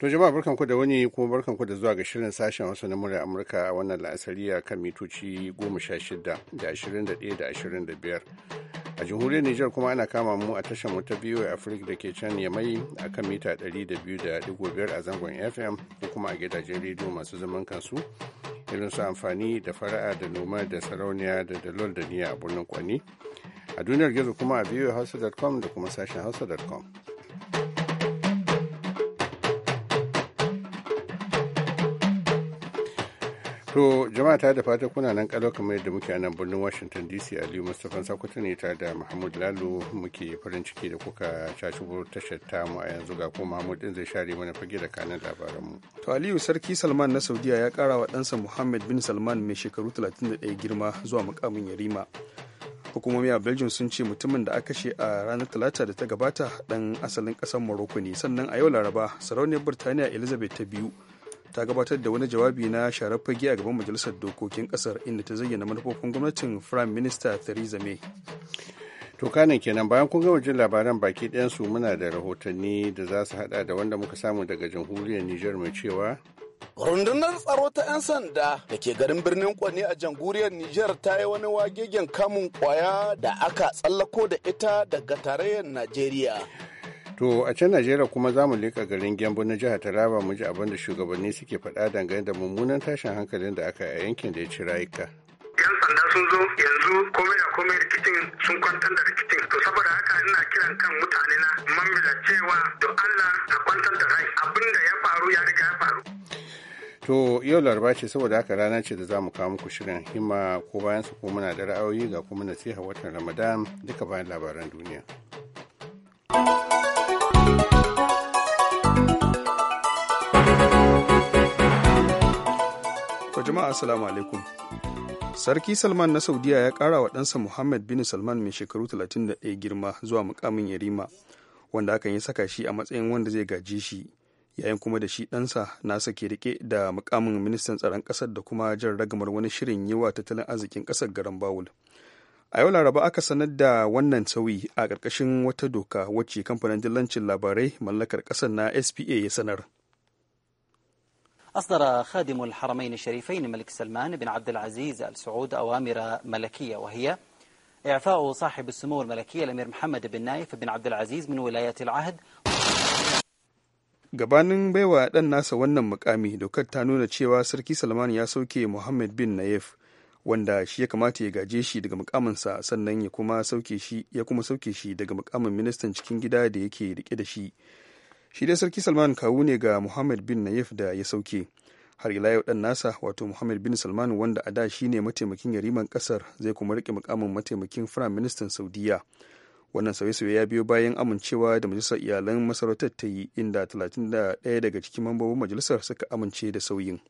To jama'a barkanku da wani kuma barkanku da zuwa ga shirin sashen wasu na murar Amurka a wannan la'asariya kan mitoci shida da ashirin da da ashirin biyar A jamhuriyar Nijar kuma ana kama mu a tashar mu ta biyu Afirka da ke can ya Yamai a kan mita ɗari da da biyu 200.5 a zangon FM ko kuma a gidajen rediyo masu zaman kansu irin su amfani da fara'a da noma da sarauniya da dalol da niyya a birnin Kwani. A duniyar gizo kuma a biyu hausa.com da kuma sashen hausa.com. To jama'a ta da fata kuna nan kalau kamar yadda muke a nan birnin Washington DC Aliyu Mustapha sakwato ne tare da Mahmud Lalo muke farin ciki da kuka caci tashar tamu a yanzu ga ko Mahmud din zai share mana fage da kanin labaranmu. To Aliyu Sarki Salman na Saudiya ya kara wa ɗansa Muhammad bin Salman mai shekaru 31 girma zuwa mukamin Yarima. Hukumomi a Belgium sun ce mutumin da aka kashe a ranar Talata da ta gabata dan asalin ƙasar Morocco ne sannan a yau Laraba sarauniyar Birtaniya Elizabeth ta biyu ta gabatar da wani jawabi na sharar fage a gaban majalisar dokokin kasar inda ta zayyana manufofin gwamnatin prime minister theresa may to kenan bayan kun gama jin labaran baki ɗayansu muna da rahotanni da za su hada da wanda muka samu daga jamhuriyar niger mai cewa rundunar tsaro ta 'yan sanda da ke garin birnin kwane a jamhuriyar niger ta yi wani wagegen kamun kwaya da aka tsallako da ita daga tarayyar Najeriya. To a can Najeriya kuma zamu mu leƙa garin Gembu na jihar Taraba mu ji abin da shugabanni suke faɗa dangane da mummunan tashin hankalin da aka yi a yankin da ya ci rayuka. 'Yan sanda sun zo yanzu komai da komai rikicin sun kwantar da rikicin to saboda haka ina kiran kan mutane na mamila cewa to Allah a kwantar da rai abinda ya faru ya riga ya faru. To yau laraba ce saboda haka rana ce da za mu kawo muku shirin himma ko bayan su ko muna da ra'ayoyi ga kuma nasiha watan Ramadan duka bayan labaran duniya. jama'a assalamu alaikum sarki salman na saudiya ya kara wa ɗansa muhammad bin salman mai shekaru 31 girma zuwa mukamin yarima wanda hakan ya saka shi a matsayin wanda zai gaji shi yayin kuma da shi ɗansa na sake rike da mukamin ministan tsaron ƙasar da kuma jan ragamar wani shirin yi wa tattalin arzikin ƙasar garan bawul a yau laraba aka sanar da wannan sauyi a ƙarƙashin wata doka wacce kamfanin dillancin labarai mallakar ƙasar na spa ya sanar أصدر خادم الحرمين الشريفين الملك سلمان بن عبد العزيز السعود أوامر ملكية وهي إعفاء صاحب السمو الملكية الأمير محمد بن نايف بن عبد العزيز من ولاية العهد gabanin baiwa dan nasa wannan mukami dokar ta nuna cewa sarki salman ya sauke muhammad bin nayef wanda shi ya kamata ya gaje shi daga mukaminsa sannan ya kuma sauke shi ya kuma sauke shi daga mukamin ministan cikin gida da yake rike da shi shi dai sarki salman kawu ne ga muhammad bin nayef da ya sauke har ila yau dan nasa wato muhammad bin salman wanda a da shi ne mataimakin yariman kasar zai kuma rike mukamin mataimakin firayim ministan saudiya wannan sauye-sauye ya biyo bayan amincewa da majalisar iyalan masarautar ta yi inda 31 daga cikin mambobin majalisar suka amince da sauyin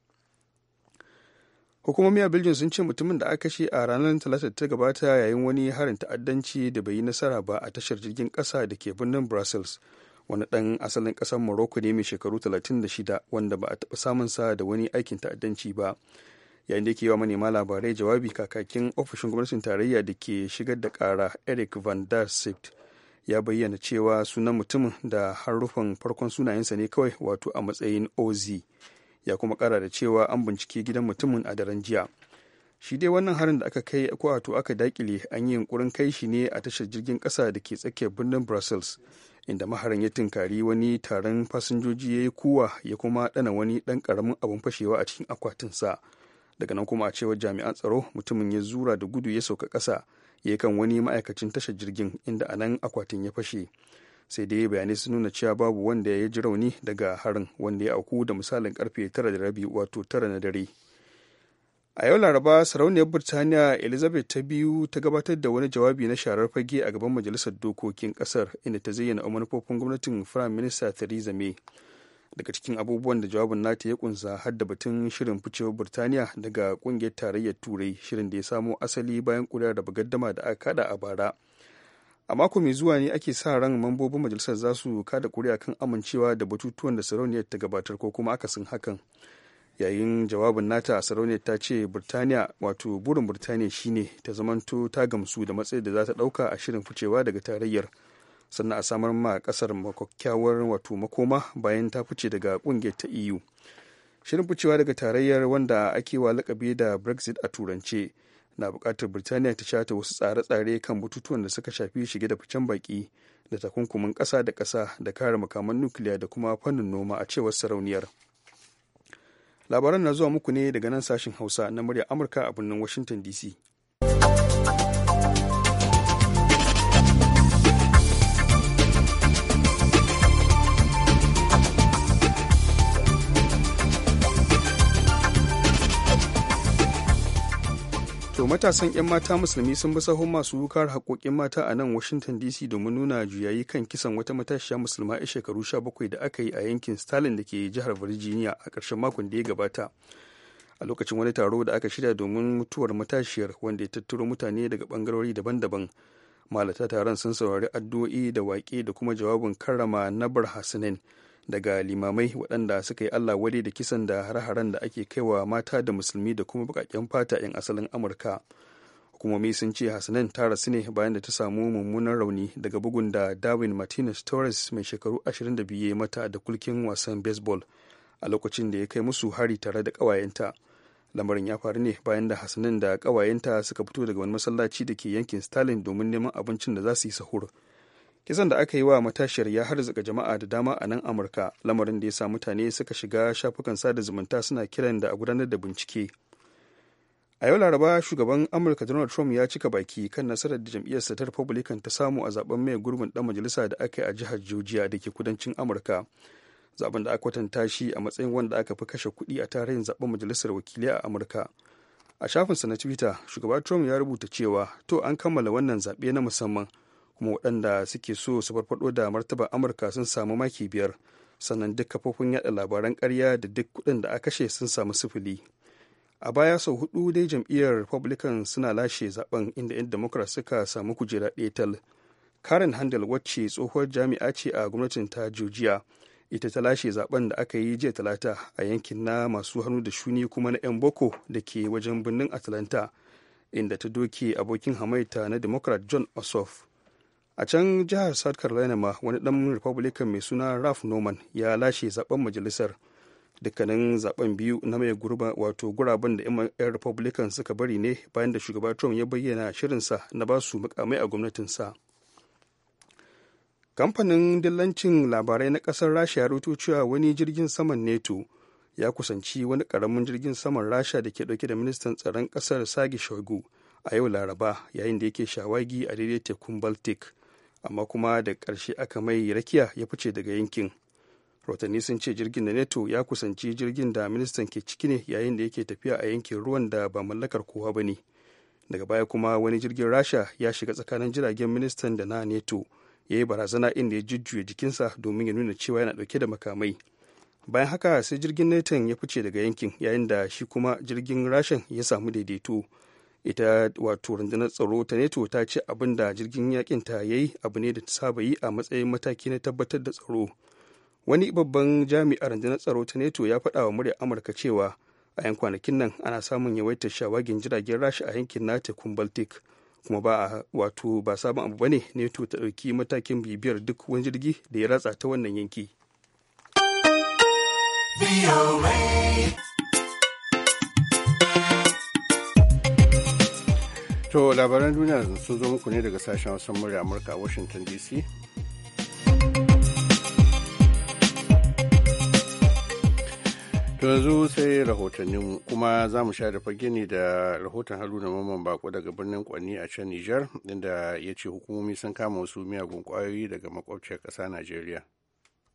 hukumomi a belgium sun ce mutumin da aka kashe a ranar talata ta gabata yayin wani harin ta'addanci da bai yi nasara ba a tashar jirgin kasa da ke birnin brussels wani ɗan asalin ƙasar morocco ne mai shekaru 36 wanda ba a taɓa sa da wani aikin ta'addanci ba yayin da yake yi wa manema labarai jawabi kakakin ofishin gwamnatin tarayya da ke shigar da ƙara eric van der Sipt ya bayyana cewa sunan mutumin da harufan farkon sunayensa ne kawai wato a matsayin oz ya kuma ƙara da cewa an bincike gidan mutumin a daren jiya shi dai wannan harin da aka kai ko wato aka dakile an yi yunkurin kai shi ne a tashar jirgin ƙasa da ke tsakiyar birnin brussels inda maharin ya tinkari wani taron fasinjoji ya yi kuwa ya kuma ɗana wani ɗan karamin abin fashewa a cikin akwatinsa daga nan kuma a cewa jami'an tsaro mutumin ya zura da gudu ya sauka ƙasa ya kan wani ma'aikacin tashar jirgin inda a nan akwatin ya fashe sai dai bayanai sun nuna cewa babu wanda ya ji rauni daga harin wanda ya auku da misalin karfe tara da rabi wato tara na dare a yau laraba sarauniyar birtaniya elizabeth ta biyu ta gabatar da wani jawabi na sharar fage a gaban majalisar dokokin kasar inda ta zayyana manufofin gwamnatin firayim minista theresa may daga cikin abubuwan da jawabin nata ya kunsa har da batun shirin ficewar birtaniya daga kungiyar tarayyar turai shirin da ya samo asali bayan kuri'ar da bagaddama da aka kada a bara a mako mai zuwa ne ake sa ran mambobin majalisar za su kada kuri'a kan amincewa da batutuwan da sarauniyar ta gabatar ko kuma akasin hakan yayin jawabin nata a sarauniya ta ce burtaniya wato burin burtaniya shine ta zamanto ta gamsu da matsayin da za ta dauka a shirin ficewa daga tarayyar sannan a samar ma kasar makwakkyawar wato makoma bayan ta fice daga kungiyar ta eu shirin ficewa daga tarayyar wanda ake wa lakabi da brexit a turance na bukatar birtaniya ta shata wasu tsare-tsare kan batutuwan da suka shafi shige da ficen baki da takunkumin ƙasa da ƙasa da kare makaman nukiliya da kuma fannin noma a cewar sarauniyar. labaran na zuwa muku ne daga nan sashen hausa na murya amurka a birnin washington dc matasan 'yan mata musulmi sun bi sahun masu wukar haƙoƙin mata a nan washington dc domin nuna juyayi kan kisan wata matashiya musulma a shekaru 17 da aka yi a yankin stalin da ke jihar virginia a ƙarshen makon da ya gabata a lokacin wani taro da aka shirya domin mutuwar matashiyar wanda ya tattaro mutane daga bangarori daban-daban malata taron sun saurari addu'o'i da waƙe da kuma jawabin karrama na barhasinin daga limamai waɗanda suka yi allah wale da kisan da hare-haren da ake kaiwa mata da musulmi da kuma baƙaƙen fata 'yan asalin amurka hukumomi sun ce hasanan ta rasu ne bayan da ta samu mummunan rauni daga bugun da darwin martinez torres mai shekaru 22 ya mata da kulkin wasan baseball a lokacin da ya kai musu hari tare da ƙawayenta lamarin ya faru ne bayan da hasanan da ƙawayenta suka fito daga wani masallaci da ke yankin stalin domin neman abincin da za su yi sahur kisan da aka yi wa matashiyar ya harzuka jama'a da dama a nan amurka lamarin da ya sa mutane suka shiga shafukan sada zumunta suna kiran da a gudanar da bincike a yau laraba shugaban amurka donald trump ya cika baki kan nasarar da jam'iyyarsa ta republican ta samu a zaben mai gurbin dan majalisa da aka yi a jihar georgia da ke kudancin amurka zaben da aka kwatanta shi a matsayin wanda aka fi kashe kuɗi a tarihin zaben majalisar wakilai a amurka a shafinsa na twitter shugaban trump ya rubuta cewa to an kammala wannan zaɓe na musamman kuma waɗanda suke so su farfado da martaba amurka sun samu maki biyar sannan duk kafofin yada labaran karya da duk kuɗin da aka kashe sun samu sifili a baya sau hudu dai jam'iyyar republican suna lashe zaben inda 'yan democrat suka samu kujera ɗaya karen handel wacce tsohuwar jami'a ce a gwamnatin ta georgia ita ta lashe zaben da aka yi jiya talata a yankin na masu hannu da shuni kuma na 'yan boko da ke wajen birnin atlanta inda ta doke abokin hamaita na democrat john ossoff a can jihar south carolina ma wani dan republican mai suna raf norman ya lashe zaben majalisar dukkanin zaben biyu na mai gurba wato guraben da 'yan republican suka bari ne bayan da shugaba trump ya bayyana shirinsa na ba su mukamai a gwamnatinsa kamfanin dillancin labarai na kasar rasha ya rutu cewa wani jirgin saman neto ya kusanci wani karamin jirgin saman rasha da ke dauke da ministan tsaron kasar sagi shogu a yau laraba yayin da yake shawagi a daidai tekun baltic amma kuma da karshe aka mai rakiya ya fice daga yankin rahotanni sun ce jirgin da neto ya kusanci jirgin da ministan ke ciki ne yayin da yake tafiya a yankin ruwan da ba mallakar kowa ba ne daga baya kuma wani jirgin rasha ya shiga tsakanin jiragen ministan da na neto ya yi barazana inda ya jujjuya jikinsa domin ya nuna cewa yana dauke da makamai bayan haka sai jirgin neton ya fice daga yankin yayin da shi kuma jirgin rashin ya samu daidaito ita wato rundunar tsaro ta neto ta ce abin da jirgin yakin ta yayi abu ne da ta saba yi a matsayin mataki na tabbatar da tsaro wani babban jami'ar rundunar tsaro ta neto ya faɗa wa muryar amurka cewa a yan kwanakin nan ana samun yawaitar shawagin jiragen rasha a yankin na tekun baltic kuma ba a wato ba sabon abu bane neto ta ɗauki matakin bibiyar duk wani jirgi da ya ratsa ta wannan yanki To labaran duniya sun zo muku ne daga sashen wasan murya Amurka a Washington DC. To yanzu sai rahotanninmu kuma za mu sha da fage ne da rahoton haruna mamman bako daga birnin Kwanni a can Nijar inda ya ce hukumomi sun kama wasu miyagun kwayoyi daga makwabciyar ƙasa Najeriya.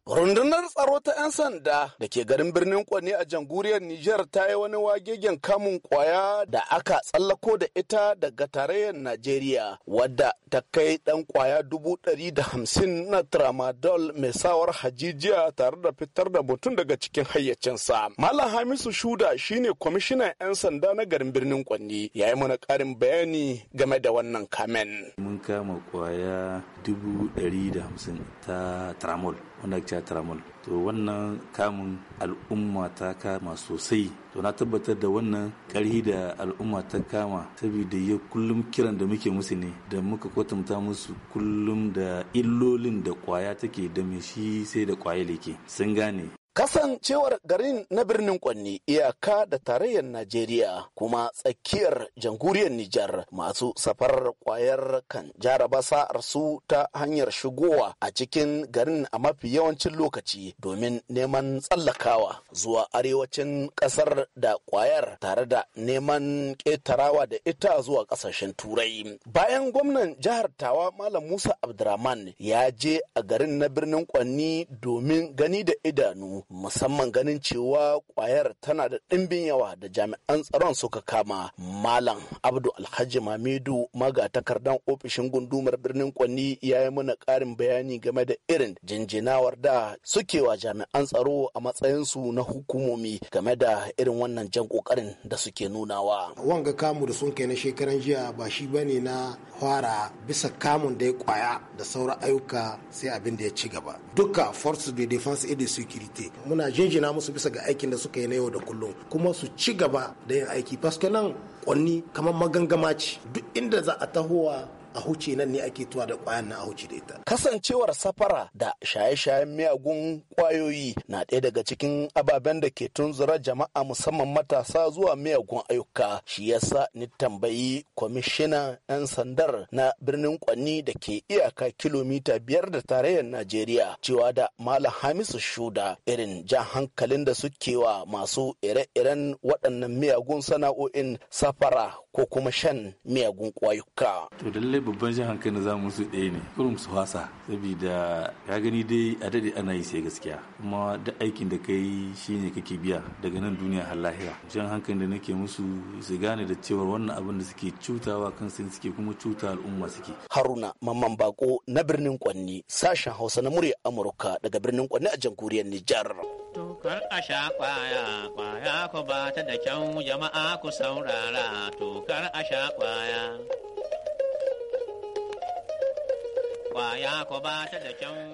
Rundunar tsaro ta 'yan sanda da ke garin birnin Kwani a janguriyar Nijar ta yi wani wagegen kamun kwaya da aka tsallako da ita daga tarayyar Najeriya wadda ta kai ɗan kwaya dubu ɗari da hamsin na tramadol mai sawar hajijiya tare da fitar da mutum daga cikin hayyacinsa. Malam Hamisu Shuda shi ne kwamishinan 'yan sanda na garin birnin Kwani ya yi mana ƙarin bayani game da wannan kamen. Mun kama kwaya dubu ɗari da hamsin ta tramol. wanda ake tramal to wannan kamun al'umma ta kama sosai to na tabbatar da wannan karhi da al'umma ta kama saboda ya kullum kiran da muke musu ne da muka kwatanta musu kullum da illolin da kwaya take da shi sai da kwaya leke sun gane Kasancewar garin na birnin Kwanni iyaka da tarayyar Najeriya kuma tsakiyar jamhuriyar Nijar masu safar kwayar kan jaraba sa'ar su ta hanyar shigowa a cikin garin a mafi yawancin lokaci domin neman tsallakawa zuwa arewacin kasar da kwayar tare da neman ƙetarawa da ita zuwa ƙasashen turai. Bayan gwamnan jihar Tawa Malam Musa Abdurrahman ya je a garin na birnin Kwanni domin gani da idanu musamman ganin cewa kwayar tana da ɗimbin yawa da jami'an tsaron suka kama malam abdu alhaji mamidu magatakardan ofishin gundumar birnin kwanni ya yi mana ƙarin bayani game da irin jinjinawar da suke wa jami'an tsaro a matsayinsu na hukumomi game da irin wannan jan ƙoƙarin da suke nunawa. wanga kamu da sun kai na shekaran jiya ba shi bane na fara bisa kamun da ya kwaya da sauran ayyuka sai abin da ya ci gaba duka force de defense et de sécurité muna jinjina musu bisa ga aikin da suka yi na yau da kullum kuma su ci gaba da yin aiki nan kwanni kamar magangama ce duk inda za a tahowa a huce nan ne ake tuwa da kwayan nan a huce da ita kasancewar safara da shaye-shayen miyagun kwayoyi na ɗaya daga cikin ababen da ke tunzura jama'a musamman matasa zuwa miyagun ayyuka shi yasa ni tambayi kwamishina 'yan sandar na birnin kwanni da ke iyaka kilomita biyar da tarayyar najeriya cewa da malam hamisu shuda irin jan hankalin da suke wa masu ire-iren waɗannan miyagun sana'o'in safara ko kuma shan miyagun kwayuka. To lallai babban jin hankali za mu su ɗaya ne kurum su wasa saboda ya gani dai a daɗe ana yi sai gaskiya kuma da aikin da kai shine kake biya daga nan duniya har lahira jan hankali da nake musu su gane da cewa wannan abin da suke cutawa kan sun suke kuma cuta al'umma suke haruna mamman bako na birnin kwanni sashen hausa na murya amurka daga birnin kwanni a jamhuriyar nijar Tukar a sha kwaya, kwaya ku ba ta da kyau jama'a ku saurara, tokar a sha kwaya.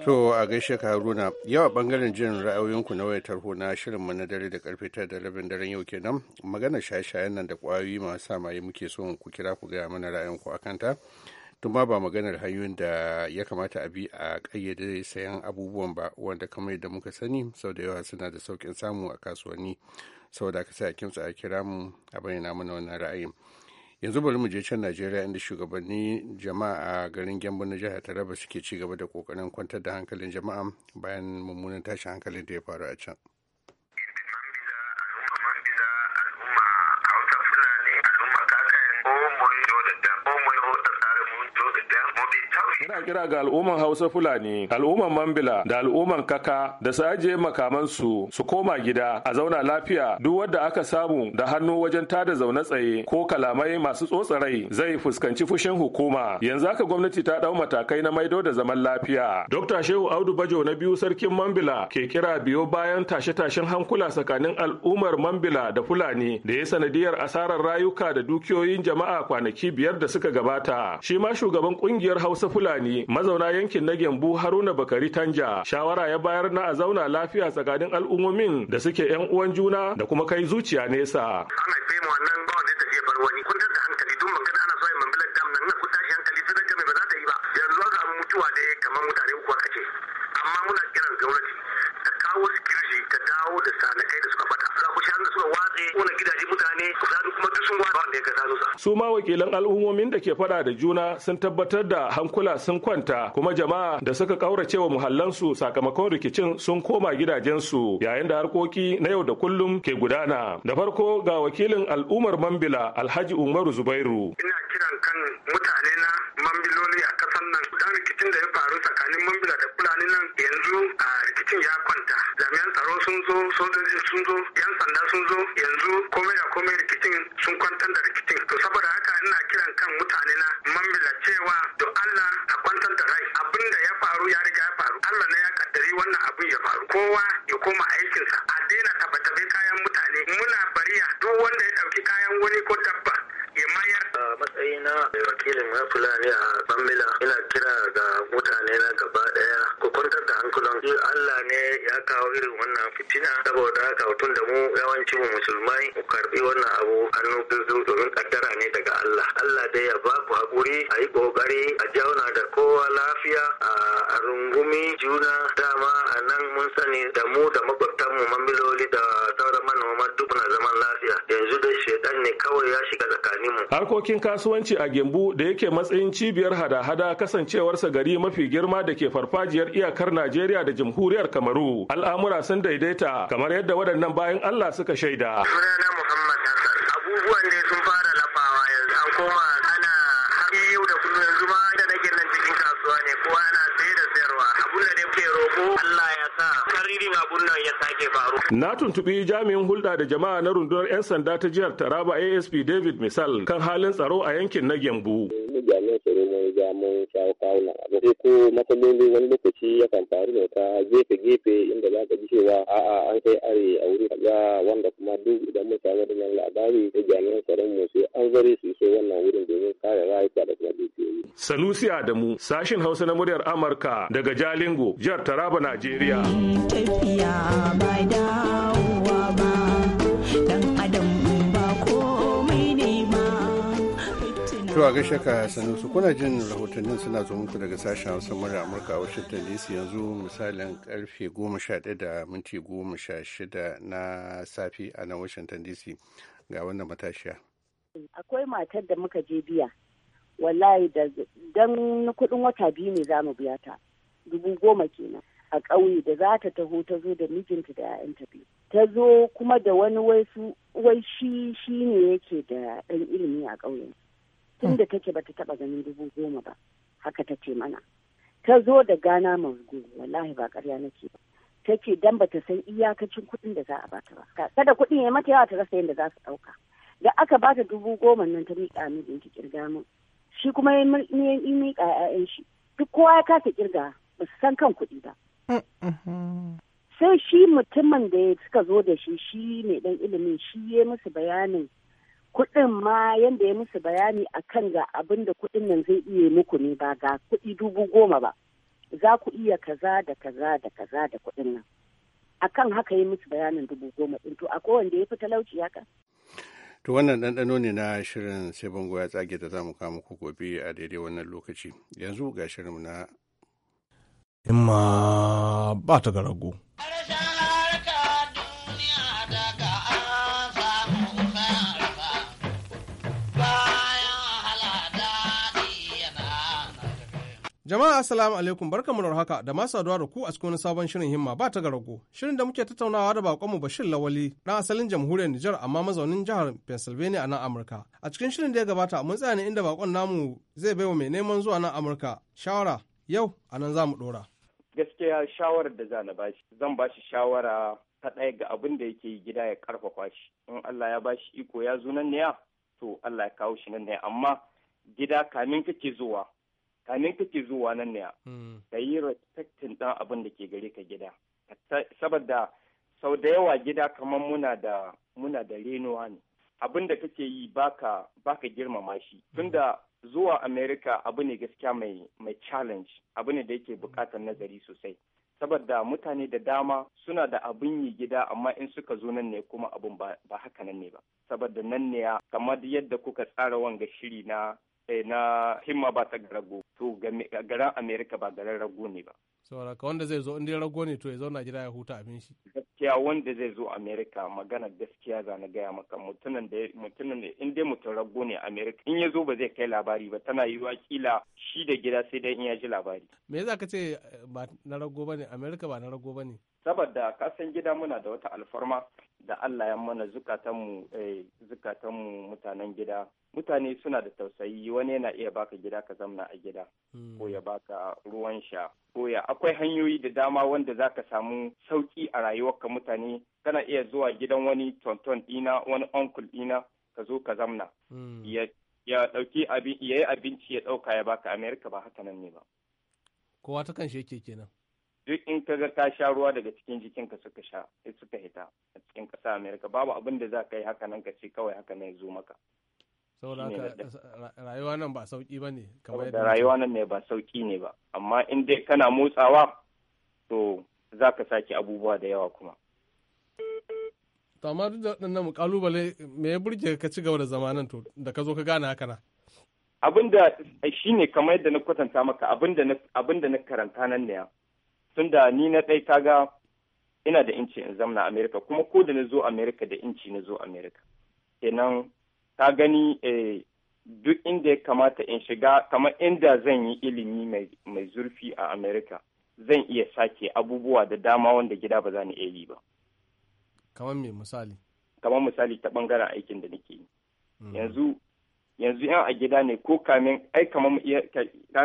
to a gaishe ka haruna yau a bangaren jin ra'ayoyinku na wayar tarho na shirin mu na dare da karfe tara da rabin daren yau kenan magana shaye-shayen nan da kwayoyi masu samaye muke so ku kira ku gaya mana ra'ayinku a kanta tun ba maganar hanyoyin da ya kamata a bi a ƙayyade sayan abubuwan ba wanda kamar yadda muka sani sau da yawa suna da sauƙin samu a kasuwanni sau da aka sa a kimsa a kira mu a bayyana mana wannan ra'ayin yanzu bari mu je can najeriya inda shugabanni jama'a a garin gembu na jihar taraba suke ci gaba da kokarin kwantar da hankalin jama'a bayan mummunan tashin hankalin da ya faru a can kira ga al'umman Hausa Fulani, al'umman Mambila da al'umman Kaka da su ajiye makamansu su koma gida a zauna lafiya duk wadda aka samu da hannu wajen tada zaune tsaye ko kalamai masu tsotsa rai zai fuskanci fushin hukuma. Yanzu haka gwamnati ta dau matakai na maido da zaman lafiya. Dr. Shehu Audu Bajo na biyu sarkin Mambila ke kira biyo bayan tashe-tashen hankula tsakanin al'ummar Mambila da Fulani da ya sanadiyar asarar rayuka da dukiyoyin jama'a kwanaki biyar da suka gabata. Shi ma shugaban kungiyar Hausa Fulani mazauna yankin na gyambu Haruna Bakari Tanja shawara ya bayar na a zauna lafiya tsakanin al'ummomin da suke yan uwan juna da kuma kai zuciya nesa. Ana kai wannan ba wanda ta iya bar wani kun da hankali duk magana ana so yin mambilan dam nan ku tashi hankali ta daga mai ba za ta yi ba yanzu an samu mutuwa da kamar mutane uku ake amma muna kiran gwamnati ta kawo sikirji ta dawo da sanakai da suka bata za ku sha suka watse kuna gidaje mutane ku kuma duk sun wanda ya su ma wakilan al'ummomin da ke fada da juna sun tabbatar da hankula sun kwanta kuma jama'a da suka kaurace wa muhallansu sakamakon rikicin sun koma gidajensu yayin da harkoki na yau da kullum ke gudana da farko ga wakilin al'ummar mambila alhaji umaru zubairu ina kiran kan mutane na mambiloli a kasan nan dan rikicin da ya faru tsakanin mambila da fulani nan yanzu a rikicin ya kwanta jami'an tsaro sun zo sojoji sun zo yan sanda sun zo yanzu komai da komai rikicin sun kwanta dakatar da rikicin to saboda haka ina kiran kan mutane na mamila cewa to Allah a kwantar da rai abin da ya faru ya riga ya faru Allah ne ya kaddari wannan abin ya faru kowa ya koma aikinsa a daina tabbatar kayan mutane muna bariya duk wanda ya ɗauki kayan wani ko dabba ya mayar. A matsayina mai wakilin na Fulani a Bambila ina kira ga mutane na gaba daya ku kwantar da hankulan Allah ne ya kawo irin wannan fitina saboda haka tun da mu yawanci mu musulmai mu karbi wannan abu hannu biyu domin kaddara ne daga Allah. Allah dai ya ba ku haƙuri a yi ƙoƙari a jauna da kowa lafiya a rungumi juna dama a nan mun sani da mu da makwabta harkokin kasuwanci a gembu da yake matsayin cibiyar hada-hada kasancewarsa gari mafi girma da ke farfajiyar iyakar najeriya da jamhuriyar kamaru al'amura sun daidaita kamar yadda waɗannan bayan allah suka shaida muhammad Na tuntuɓi jami'in hulɗa da jama'a na rundunar 'yan sanda ta jihar Taraba ASP David Misal kan halin tsaro a yankin na Gembu. ga mun kawuna kawunan abu sai ko matsaloli wani lokaci yakan faru ne ta gefe gefe inda za ka ji cewa a'a an kai are a wuri kaza wanda kuma duk idan mun samu da nan labari da jami'an tsaron mu sai an zare su so wannan wurin domin kare rayuka da kuma dukiyoyi. Sanusi Adamu sashin Hausa na muryar Amurka daga Jalingo jihar Taraba Najeriya. Tafiya ba dawowa ba dan adam ba ko To a gaishe ka su kuna jin rahotannin suna zo muku daga sashen Hausa mura Amurka a Washington DC yanzu misalin karfe 11 da minti 16 na safi a nan Washington DC ga wannan matashiya. Akwai matar da muka je biya wallahi da dan kudin wata biyu ne za mu biya ta dubu goma kenan a ƙauye da za ta taho ta zo da mijinta da 'ya'yanta biyu ta zo kuma da wani wai shi shi ne yake da ɗan ilimi a ƙauyen tun da hmm. take bata taba ganin dubu goma ba haka ta ce mana ta zo da gana mazgu wallahi ba karya nake ba ta ce dan bata san iyakacin kuɗin da za a bata ba kada kuɗin ya mata yawa ta rasa yadda za su ɗauka da aka bata dubu goma nan ta miƙa min ki kirga min shi kuma ya miƙa ƴaƴan shi duk kowa ya kasa kirga ba su san kan kuɗi ba mm-hmm. sai shi mutumin da suka zo da shi shi ne dan ilimin shi ya musu bayanin kuɗin ma yadda ya musu bayani a kan ga abin da kuɗin nan zai iya muku ne ba ga kuɗi dubu goma ba za ku iya kaza da kaza da kaza da kuɗin nan kan haka yi musu bayanin dubu goma ɗin to a wanda ya fi talauci haka To wannan ɗanɗano ne na shirin sai bango ya tsage da zamu kawo muku gobe a daidai wannan lokaci. Yanzu ga shirin na. Imma ba ta garago. Jama'a assalamu alaikum barkamu da haka da masu saduwa da ku a cikin sabon shirin himma ba ta garago. Shirin da muke tattaunawa da bakonmu Bashir Lawali dan asalin jamhuriyar Nijar amma mazaunin jihar Pennsylvania a nan Amurka. A cikin shirin da ya gabata mun tsaya ne inda bakon namu zai bai wa mai neman zuwa nan Amurka shawara yau a nan za dora. Gaskiya shawarar da zan bashi zan ba shi shawara ta ɗaya ga abin da yake gida ya karfafa shi. In Allah ya bashi iko ya zo nan ne to Allah ya kawo shi nan ne amma gida kamin kake zuwa kamin kake zuwa nan ne ka hmm. yi respectin ɗan abin da ke gare ka gida saboda sau da yawa gida kamar muna da muna da renuwa ne abin da kake yi baka baka girmama shi hmm. tunda zuwa america abu ne gaskiya mai mai challenge abu ne da yake hmm. bukatar nazari sosai saboda mutane da dama suna da abun yi gida amma in suka zo nan ne kuma abin ba haka nan ne ba saboda nan ne kamar yadda kuka tsara wanga shiri na Eh, na himma ba ta garago to garan america ba garan rago ne ba saboda ka wanda zai zo inda rago ne to ya zo najeriya ya huta abin shi gaskiya wanda zai zo america magana gaskiya za na gaya maka mutumin da mutumin in dai mutum rago ne america in ya zo ba zai kai labari ba tana wa kila shi da gida sai dai in ya ji labari me yasa ka ce eh, ba na rago ne america ba na rago ne saboda kasan gida muna da wata alfarma da Allah ya mana zukatanmu eh, zukatanmu mutanen gida mutane suna da tausayi wani yana iya baka gida ka zamna a gida hmm. ko ya baka ruwan sha ko ya akwai hanyoyi da dama wanda za ka samu sauki a ka mutane kana iya zuwa gidan wani tonton dina wani uncle dina ka zo ka zamna hmm. ya ɗauki ya yi abinci ya dauka ya baka America ba haka nan ne ba kowa ta kan shi kenan duk in ka ga ka sha ruwa daga cikin jikinka suka sha suka hita a cikin ƙasa amerika babu abin da za ka yi haka nan ka ce kawai haka nan zo maka saboda rayuwa nan ba sauki ba ne kamar yadda rayuwa nan ne ba sauki ne ba amma in dai kana motsawa to za ka sake abubuwa da yawa kuma to amma duk da waɗannan kalubale me ya burge ka ci gaba da zamanin to da ka zo ka gane haka na abin da ne kamar yadda na kwatanta maka abin da na karanta nan ne tunda ni na ɗai kaga ina da inci in zamna amerika kuma ko da na zo amerika da inci na zo amerika kenan ka gani eh, duk inda ya kamata in shiga kamar inda zan yi ilimi mai zurfi a amerika zan iya sake abubuwa da dama wanda gida ba za ni iya yi ba kamar me misali kamar misali ta ɓangaren aikin da nake yi mm. yanzu yanzu yan a gida ne ko kamin ai kamar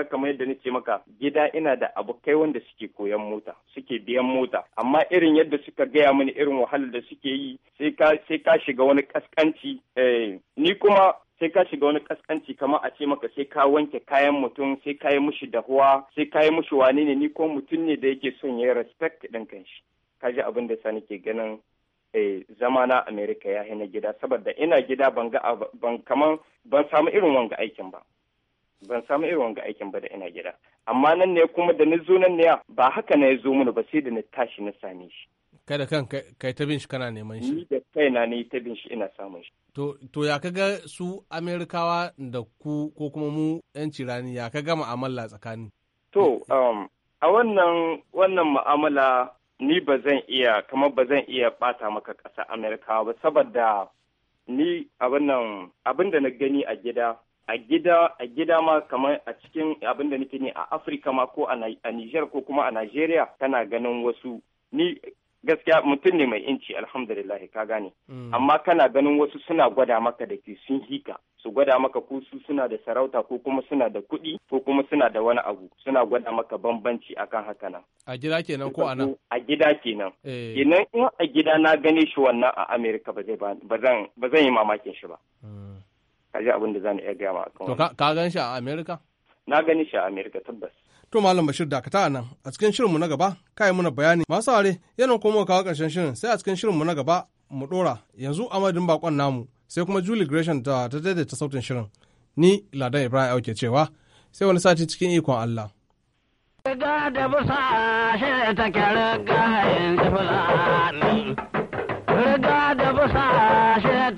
kamar yadda nake maka gida ina da abokai wanda suke koyan mota suke biyan mota amma irin yadda suka gaya mini irin wahalar da suke yi sai ka shiga wani kaskanci eh, ni kuma sai ka shiga wani kaskanci kamar a ce maka sai ka wanke kayan mutum sai ka yi mushi dahuwa sai ka yi mushi wane ne ni ko mutum ne da yake son ya yi respect din kanshi kaji abin da sa nake ganin Eh, zama na Amerika ya na gida saboda ina gida ban ga ban kaman ban samu irin wanga aikin ba. Ban samu irin wanga aikin ba da ina gida. Amma nan ne kuma da ni zo nan ne ba haka na ya zo mun ba sai da ni tashi na same shi. Kada kan kai ta bin shi kana neman shi. Ni da na ne ta bin shi ina samun shi. To, to ya kaga su Amerikawa da ku ko kuma mu 'yan cirani ya kaga mu'amala tsakani? To, um, a wannan wannan ma'amala ni ba zan iya kamar ba zan iya bata maka ƙasa amerika ba saboda ni abin da na gani a gida a gida ma kamar a cikin abin da nake ne a afirka ma ko a niger ko kuma a nigeria tana ganin wasu ni gaskiya mutum ne mai inci alhamdulillah ka gane mm. amma kana ganin wasu suna gwada maka da ke sun hika su gwada maka ko su suna da sarauta ko kuma suna da kuɗi ko kuma suna da wani abu suna gwada maka bambanci akan haka nan a gida kenan ko anan a gida kenan eh. kenan in a gida na gane shi wannan a amerika ba zan ba zan yi mamakin shi ba mm. kaji abin da zan iya gaya ma to ka gan shi a amerika na gani shi a amerika tabbas To Malam Bashir dakata a nan a cikin mu na gaba kai muna bayani masu ware yana kuma kawo karshen shirin sai a cikin shirinmu na gaba mu ɗora yanzu amadin bakon namu sai kuma Julie Gresham ta ta daidaita sautin shirin ni Ladan Ibrahim Auke cewa sai wani sati cikin ikon Allah. Riga da busa shi take riga fulani. Riga da busa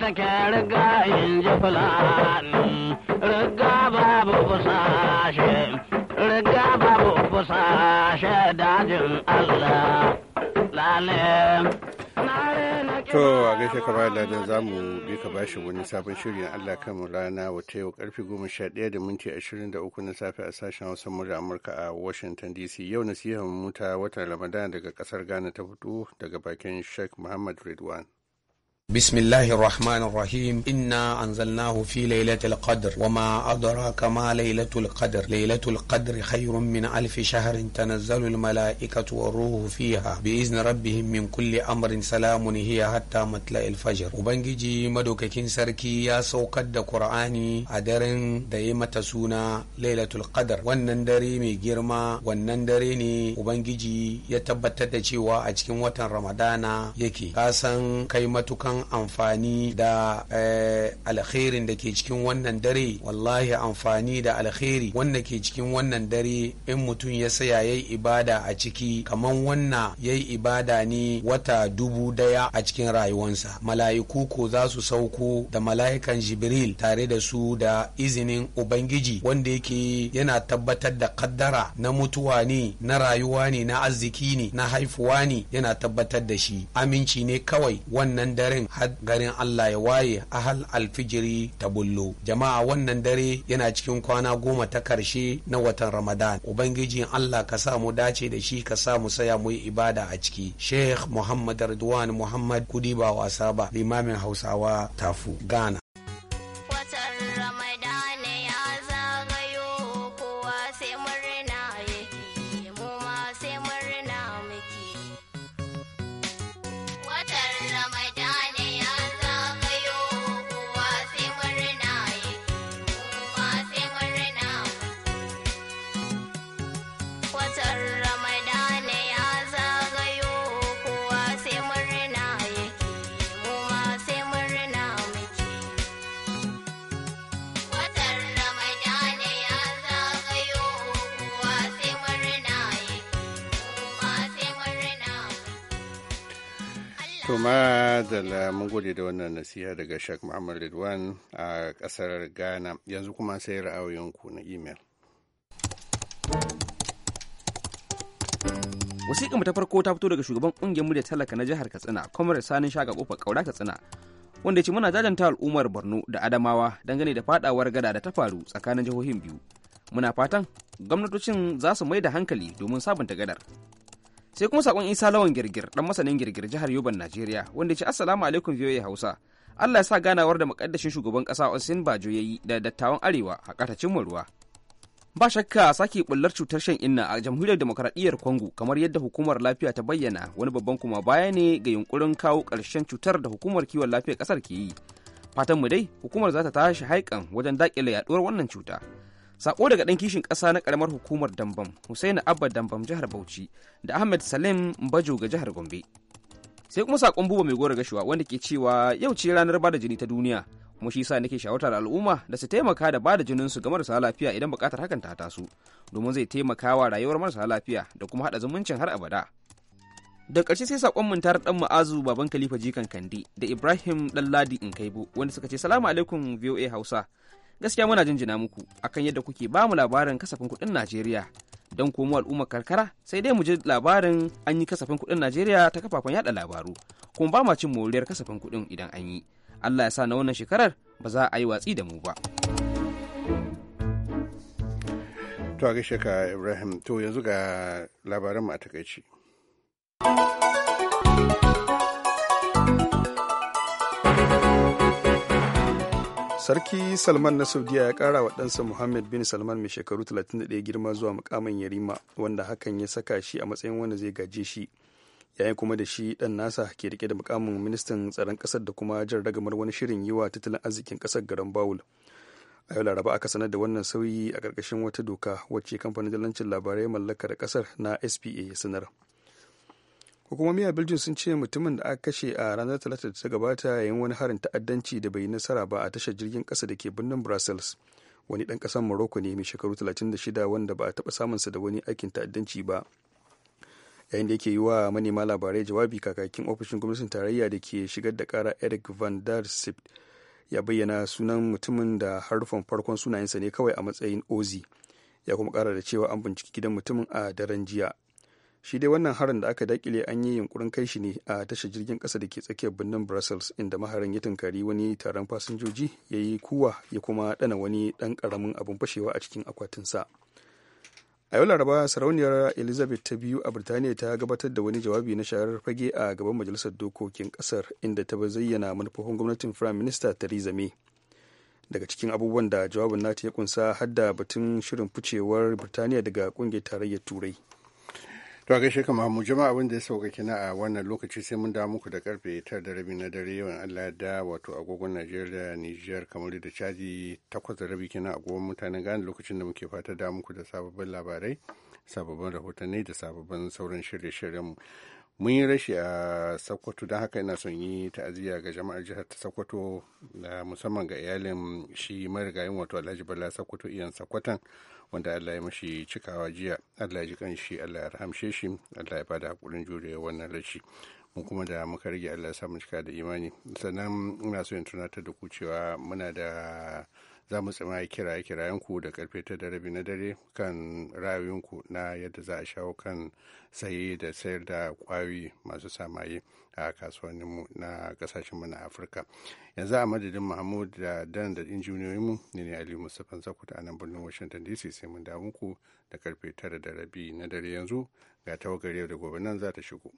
take riga fulani. Riga babu busa shi To a gaishe ka bayan ladan za mu bi ka bashi wani sabon shirin Allah kan rana wata yau karfe goma sha ɗaya da minti ashirin da uku na safe a sashen Hausa murya Amurka a Washington DC. Yau nasihar muta watan Ramadan daga kasar Ghana ta fito daga bakin Sheikh Muhammad Ridwan. بسم الله الرحمن الرحيم إنا أنزلناه في ليلة القدر وما أدراك ما ليلة القدر ليلة القدر خير من ألف شهر تنزل الملائكة والروح فيها بإذن ربهم من كل أمر سلام هي حتى مطلع الفجر وبنجي مدوككين سركي يا سوكد قرآني أدرن دائما تسونا ليلة القدر والنندري مي جرما والنندري ني وبنجي يتبتت شوا أجكين وطن رمضان يكي كاسن كيمتكن an amfani da eh, alkhairin da ke cikin wannan dare wallahi amfani da alkhairi wanda ke cikin wannan dare in mutum ya saya yayi ibada a ciki kaman wannan yayi ibada ne wata dubu daya a cikin rayuwansa mala'iku ko za su sauko da mala'ikan jibril tare da su da izinin ubangiji wanda yake yana tabbatar da kaddara na mutuwa ne na rayuwa ne na arziki ne na haifuwa ne yana tabbatar da shi aminci ne kawai wannan daren har garin Allah ya waye ahal alfijiri ta bullo jama'a wannan dare yana cikin kwana goma ta karshe na watan Ramadan ubangijin Allah ka sa mu dace da shi ka sa mu saya mu yi ibada a ciki Sheikh Muhammad Ridwan Muhammad Kudiba wasa ba limamin Hausawa tafu Ghana kuma da mun gode da wannan nasiha daga Sheikh Muhammad Ridwan a kasar Ghana yanzu kuma sai ra'ayoyinku na email. Wasiƙa ta farko ta fito daga shugaban ƙungiyar murya talaka na jihar Katsina, Comrade Sanin Shaga Kofa Kaura Katsina, wanda ce muna jajanta al'ummar Borno da Adamawa dangane da fadawar gada da ta faru tsakanin jihohin biyu. Muna fatan gwamnatocin za su mai da hankali domin sabunta gadar sai kuma sakon isa lawan girgir dan masanin girgir jihar yoban najeriya wanda ya ce assalamu alaikum ya hausa allah ya sa ganawar da makaddashin shugaban kasa osin bajo ya yi da dattawan arewa a katacin ruwa ba shakka sake bullar cutar shan inna a jamhuriyar demokradiyyar congo kamar yadda hukumar lafiya ta bayyana wani babban kuma baya ne ga yunkurin kawo ƙarshen cutar da hukumar kiwon lafiyar ƙasar ke yi fatan mu dai hukumar za ta tashi haikan wajen daƙile yaduwar wannan cuta Sako daga ɗan kishin ƙasa na ƙaramar hukumar Dambam, Hussaini Abba Dambam jihar Bauchi da Ahmed Salim Bajo ga jihar Gombe. Sai kuma sakon buba mai gora gashuwa wanda ke cewa yau ce ranar bada jini ta duniya, kuma shi sa nake shawartar al'umma da su taimaka da bada jinin su ga marasa lafiya idan buƙatar hakan ta taso, domin zai taimaka wa rayuwar marasa lafiya da kuma haɗa zumuncin har abada. da ƙarshe sai saƙon mun tare ɗan ma'azu baban khalifa jikan Kande da ibrahim ɗanladi in kaibo wanda suka ce salamu alaikum voa hausa gaskiya muna jinjina muku akan yadda kuke ba mu labarin kasafin kuɗin najeriya don komo al'ummar karkara sai dai mu ji labarin an yi kasafin kuɗin najeriya ta kafafen yada labaru kuma ba ma cin moriyar kasafin kuɗin idan an yi allah ya sa na wannan shekarar ba za a yi watsi da mu ba to a gaishe ka ibrahim to yanzu ga labaran mu a takaici sarki salman na saudiya ya kara wa ɗansa muhammad bin salman mai shekaru 31 girma zuwa mukamin yarima wanda hakan ya saka shi a matsayin wanda zai gaje shi yayin kuma da shi ɗan nasa ke rike da mukamin ministan tsaron kasar da kuma jan ragamar wani shirin yi wa tattalin arzikin ƙasar garin bawul a yau laraba aka sanar da wannan sauyi a karkashin wata doka wacce kamfanin dalancin labarai mallakar kasar na spa ya sanar hukumomi a belgium sun ce mutumin da aka kashe a ranar talata da ta gabata yayin wani harin ta'addanci da bai nasara ba a tashar jirgin kasa da ke birnin brussels wani dan kasan morocco ne mai shekaru 36 wanda ba a taba samunsa da wani aikin ta'addanci ba yayin da yake yi wa manema labarai jawabi kakakin ofishin gwamnatin tarayya da ke shigar da kara eric van der sipt ya bayyana sunan mutumin da harufan farkon sunayensa ne kawai a matsayin ozi ya kuma kara da cewa an binciki gidan mutumin a daren jiya shi dai wannan harin da aka dakile an yi yunkurin kai shi ne a tashar jirgin kasa da ke tsakiyar birnin brussels inda maharin ya tunkari wani taron fasinjoji ya yi kuwa ya kuma dana wani dan karamin abin fashewa a cikin sa a yau laraba sarauniyar elizabeth ta biyu a birtaniya ta gabatar da wani jawabi na sharar fage a gaban majalisar dokokin kasar inda ta zayyana manufofin gwamnatin prime minister theresa may daga cikin abubuwan da jawabin nata ya kunsa hadda batun shirin ficewar birtaniya daga kungiyar tarayyar turai To a gaishe kama mu jama'a wanda ya sauka kina a wannan lokaci sai mun damu muku da karfe tara da rabi na dare yawan Allah da wato agogon Najeriya Nijar kamar da caji takwas da rabi kina a agogon mutanen gane lokacin da muke fata da muku da sababbin labarai sababbin rahotanni da sababbin sauran shirye-shiryenmu. Mun yi rashi a Sokoto don haka ina son yi ta'aziyya ga jama'ar jihar ta Sokoto musamman ga iyalin shi marigayin wato Alhaji Bala Sokoto iyan Sokoton. wanda Allah ya mashi cikawa jiya Allah ya ji kanshi Allah ya rahamshe shi Allah ya bada hakurin jurewa wannan rashi mu kuma da muka rage Allah ya samu cika da imani sannan ina so in tunatar da ku cewa muna da za mu tsima kiraye ku da karfe ta darabi na dare kan rayuwarku na yadda za a shawo kan saye da sayar da kwayoyi masu samaye a kasuwanninmu na kasashenmu na afirka yanzu a madadin mahmud da dan da injiniyoyinmu ne ne ali mustapha zakuta a nan birnin washington dc sai mun damu ku da karfe tara da rabi na dare yanzu ga tawagar yau da gobe nan za ta shigo